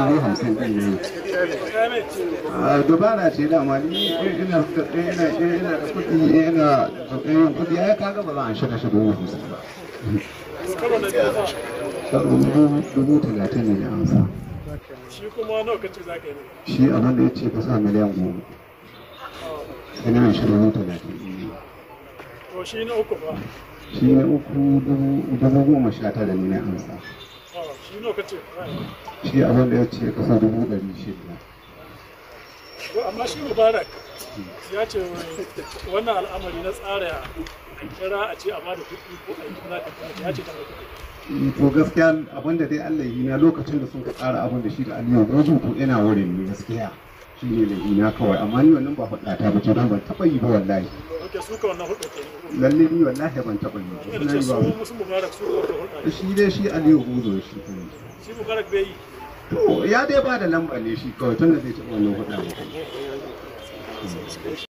A hamsin ɗin ne dubara ah, ce dama ni ina ina ina da kuɗi ina kuɗi ya kaga ba za a shirya shi dubu hamsin ba dubu talatin ne ya amsa shi kuma za ka yi shi abin da ya ce ka sa miliyan goma ina shi dubu talatin to shi na uku ba shi na uku dubu goma sha tara ne na amsa shi abin da ya ce kasa dubu ɗari shida amma shi mubarak ya ce wannan al'amari na tsara kira a ce a ba da kuɗi ko a yi kuma ya ce ta kuɗi eh, to gaskiya abin da dai Allah yi na lokacin da sun tsara abin da shi da aliyu rozu ko ina wurin ne gaskiya shi ne da ina kawai amma ni wannan ba faɗa ta ba ce don ban taɓa yi ba wallahi ke suka wannan hulɗa ke lalle ni wallahi ban yi ba na yi ba mubarak shi dai shi aliyu buzo shi shi mubarak bai yi to ya dai ba da lamba ne shi kawai tunda zai taɓa wannan hulɗa ba